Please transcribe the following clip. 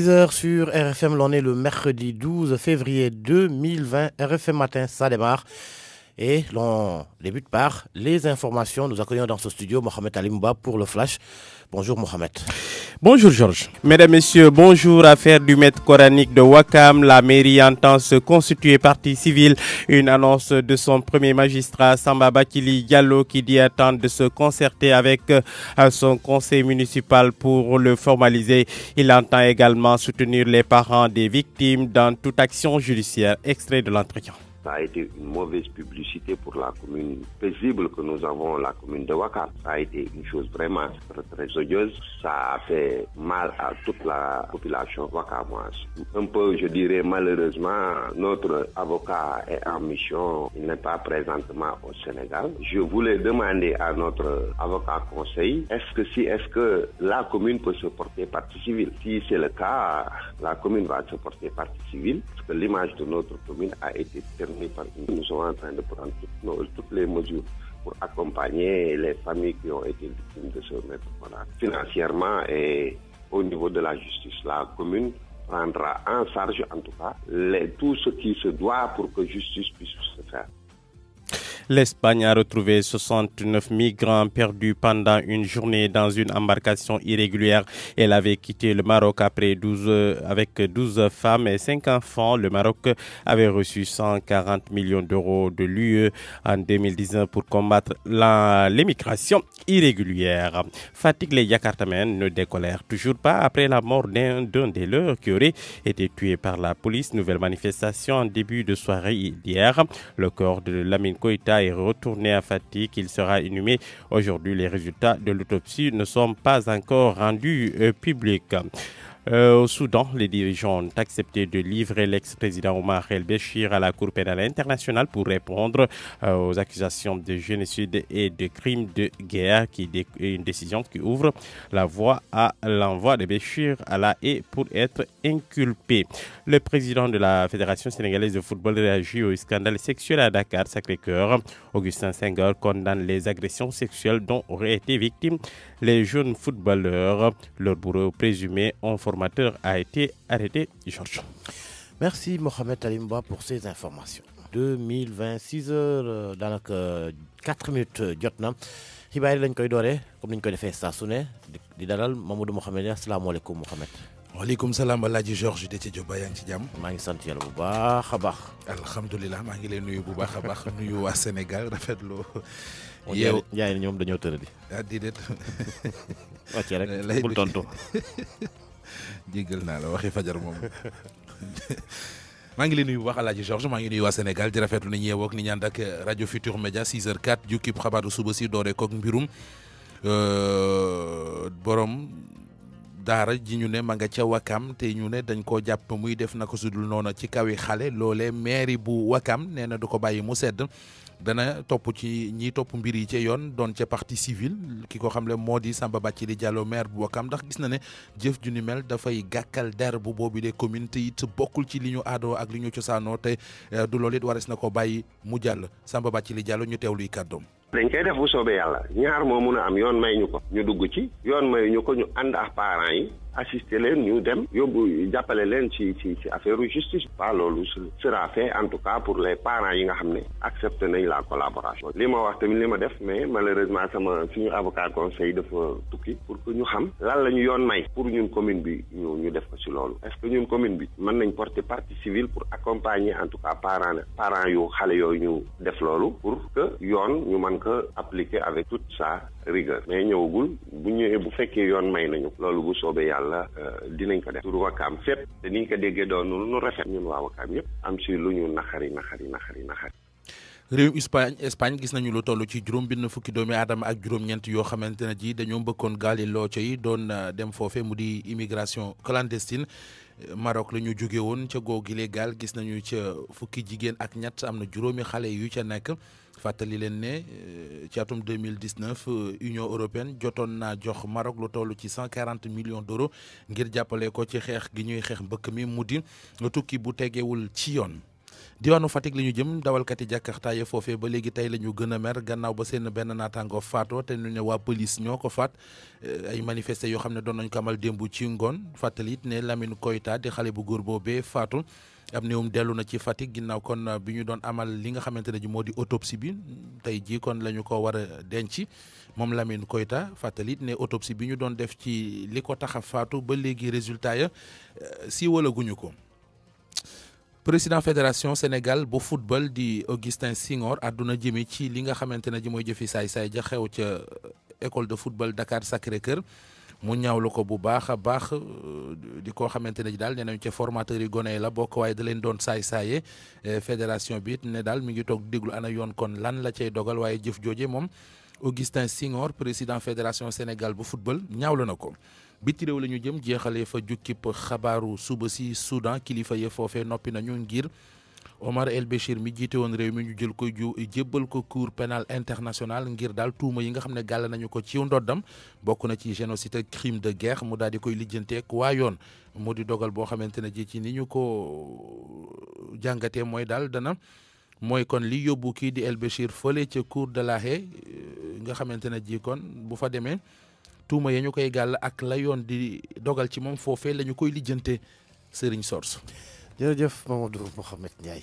6h sur RFM, l'on est le mercredi 12 février 2020. RFM matin, ça démarre. Et l'on débute par les informations. Nous accueillons dans ce studio Mohamed Alimba pour le Flash. Bonjour Mohamed. Bonjour Georges. Mesdames, Messieurs, bonjour. Affaire du maître coranique de Wakam. La mairie entend se constituer partie civile. Une annonce de son premier magistrat, Samba Bakili Diallo, qui dit attendre de se concerter avec euh, son conseil municipal pour le formaliser. Il entend également soutenir les parents des victimes dans toute action judiciaire. Extrait de l'entretien ça a été une mauvaise publicité pour la commune paisible que nous avons, la commune de Waka. Ça a été une chose vraiment très, odieuse. Ça a fait mal à toute la population wakamoise. Un peu, je dirais malheureusement, notre avocat est en mission. Il n'est pas présentement au Sénégal. Je voulais demander à notre avocat conseil, est-ce que si, est-ce que la commune peut se porter partie civile? Si c'est le cas, la commune va se porter partie civile, parce que l'image de notre commune a été terminée nous. sommes en train de prendre toutes les mesures pour accompagner les familles qui ont été victimes de ce maître. Financièrement et au niveau de la justice, la commune prendra en charge en tout cas tout ce qui se doit pour que justice puisse se faire. L'Espagne a retrouvé 69 migrants perdus pendant une journée dans une embarcation irrégulière. Elle avait quitté le Maroc après 12, avec 12 femmes et 5 enfants. Le Maroc avait reçu 140 millions d'euros de l'UE en 2019 pour combattre l'immigration irrégulière. Fatigue les Yakartamen ne décollèrent toujours pas après la mort d'un des leurs qui aurait été tué par la police. Nouvelle manifestation en début de soirée hier. Le corps de Lamine Koïta et est retourné à Fatigue. Il sera inhumé aujourd'hui. Les résultats de l'autopsie ne sont pas encore rendus euh, publics. Euh, au Soudan, les dirigeants ont accepté de livrer l'ex-président Omar el-Béchir à la Cour pénale internationale pour répondre euh, aux accusations de génocide et de crimes de guerre, qui est une décision qui ouvre la voie à l'envoi de Béchir à la haie pour être inculpé. Le président de la Fédération sénégalaise de football réagit au scandale sexuel à Dakar, Sacré-Cœur. Augustin Senghor condamne les agressions sexuelles dont auraient été victimes les jeunes footballeurs. Leurs bourreaux présumés ont formé formateur a été arrêté. Georges. Merci Mohamed Alimba pour ces informations. 2026 heures euh, daanaka 4 minutes euh, jot Hibari xibaar yi lañ koy dooree comme ni ñu koy defee saa su ne di dalal Mamadou Mohamed asalaamaaleykum Mohamed. waaleykum salaam alaaji Georges Déthié Diop yaa ngi ci jàmm. maa ngi sant yàlla bu baax a baax. alhamdulilah maa nuyu bu baax a nuyu waa Sénégal rafetlu. yow Ndiaye ñoom dañoo tëradi. ah déedéet. wàcce rek bul tontu. jéggal naa la waxi fajar moom maa ngi leen nuyu bu baax Alaaji Georges maa ngi nuyu waa Sénégal di rafetlu ni ñeewoo ak ni ñaan ak rajo Futur Média 6h04 jukkib xabaaru suba si dooree koog mbirum euh, borom. daara ji ñu ne ma nga ca wakam te ñu ne dañ koo jàpp muy def na ko sudul noonu ci kawi xale loole mairie bu wakam nee na du ko bàyyi mu sedd dana topp ci ñi topp mbir yi ca yoon doon ca partie civile ki ko xam ne moo di Samba Bathily Diallo maire bu Wakam ndax gis na ne jëf ju ni mel dafay gàkkal der bu boobi de commune te it bokkul ci li ñu aadoo ak li ñu cosaanoo te eh, du lool it wares na ko bàyyi mu jàll Samba li Diallo ñu teew teewluy kàddoom dañ koy def bu soobee yàlla ñaar moo main a am yoon may ñu ko ñu dugg ci yoon may ñu ko ñu ànd ak parents yi assister leen ñu dem yóbbu jàppale leen ci ci ci affaire justice pas loolu sera fait en tout cas pour les parents yi nga xam ne accepté nañ la collaboration li ma wax tamit li ma def mais malheureusement sama suñu avocat conseil dafa tukki pour que ñu xam lan la ñu yoon may pour ñun commune bi ñu ñu def ko ci loolu est ce que ñun commune bi mën nañ porter partie civile pour accompagner en tout cas parents parents yu xale yooyu ñu def loolu pour que yoon ñu mën ko appliquer avec toute sa rigueur mais ñëwagul bu ñëwee bu fekkee yoon may nañu loolu bu soobee yàlla yàlla euh, dinañ ko def turu wakaam fépp te niñ ko déggee doon nu rafet ñun waa wakaam yëpp am si lu ñu naxari naxari naxari naxari réew Espagne Espagne gis nañu lu toll ci juróom benn fukki doomi aadama ak juróom-ñeent yoo xamante ne ji dañoo mbëkkoon gaali looco yi doon euh, dem foofe mu di immigration clandestine Maroc la ñu jóge woon ca googile gaal gis nañu ca fukki jigéen ak ñett am na juróomi xale yu ca nekk fàttali leen ne euh, ci atum 2019 euh, Union européenne jotoon naa jox Maroc lu toll ci 140 millions d'euros ngir jàppale ko ci xeex gi ñuy xeex mbëkk mi mu di tukki bu tegewul ci yoon diwaanu Fatick li ñu jëm dawalkati Jakarta ya foofee ba léegi tey la ñu gën a mer gannaaw ba seen benn naataango faatoo te ñu ne waa police ñoo ko faat eh, ay manifesté yoo xam ne doon nañ ko amal démb ci ngoon fàttali it ne Lamine Koyta di xale bu góor boobee faatu am néewum dellu na ci Fatick ginnaaw kon bi ñu doon amal li nga xamante ne moo di autopsie bi tey jii kon lañu ñu ko war a denc moom Lamine Koyta fàttali ne autopsie bi ñu doon def ci li ko tax a faatu ba léegi résultat ya eh, siiwalaguñu ko. président fédération Sénégal bu football di Augustin singor aduna jëme ci li nga xamante ji mooy jëfi saay-saay ja xew euh, école de football Dakar Sacré-Cœur mu ñaawlu ko bu baax a baax euh, di ko xamante ne daal nee nañu ca formateur yi gone la bokk waaye da leen saay saaye euh, fédération bi ne daal mi ngi toog déglu ana yoon kon lan la cay dogal waaye jëf jooje moom Augustin singor président fédération Sénégal bu football ñaawlu na ko biti rew lañu jëm jéxalé fa jukkib xabaaru suba si Soudan kilifa ye fofé nopi nañu ngir Omar El Béchir mi jité won rew mi ñu jël ko ju jébbal ko cour pénal international ngir dal tuuma yi nga xamné gal nañu ko ci ndoddam bokku na ci génocide crime de guerre mu daal di koy lijjanteeg waa yoon mu di dogal bo xamantene ji ci niñu ko jangaté moy dal dana moy kon li yobbu ki di El Béchir fële ci cour de La Haye nga xamantene ji kon bu fa démé tuuma ya ñu koy gàll ak la yoon di dogal ci moom foofee la ñu koy lijjante Serigne Source. jërëjëf Mamadou Mouhamed